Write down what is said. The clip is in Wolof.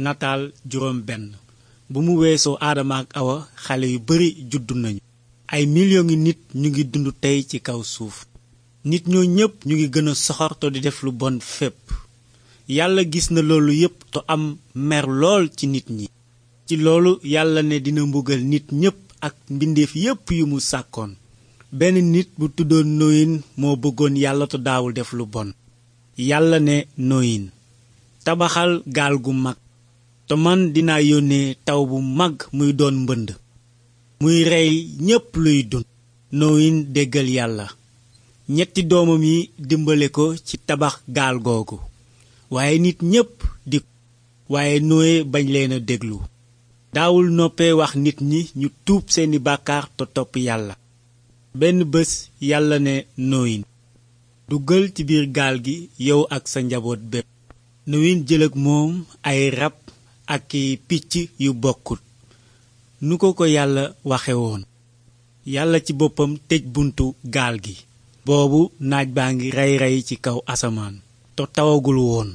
nataal juróom bu mu weesoo aadama ak awa xale yu bari juddu nañu ay millions nit ñu ngi dund tey ci kaw suuf nit ñoo ñépp ñu ngi gën a soxor te di def lu bon fépp yàlla gis na loolu yépp te am mer lool ci nit ñi ci loolu yàlla ne dina mbugal nit ñépp ak mbindeef yépp yu mu sàkkoon benn nit bu tuddoon nóoyin moo bëggoon yàlla te daawul def lu bon yàlla ne nóoyin tabaxal gaal gu mag te man dina yónnee taw bu mag muy doon mbënd muy rey ñépp luy dund nooyin déggal yàlla ñetti doomam yi dimbale ko ci tabax gaal googu waaye nit ñépp di waaye nooye bañ leena déglu daawul noppee wax nit ñi ñu tuub seeni bàkkaar te topp yàlla benn bés yàlla ne nooyin duggal ci biir gaal gi yow ak sa njaboot bépp nooyin jël ak moom ay rab ak i picc yu bokkut nu ko ko yàlla waxe woon yàlla ci boppam tëj buntu gaal gi boobu naaj baa ngi rey rey ci kaw asamaan te tawagul woon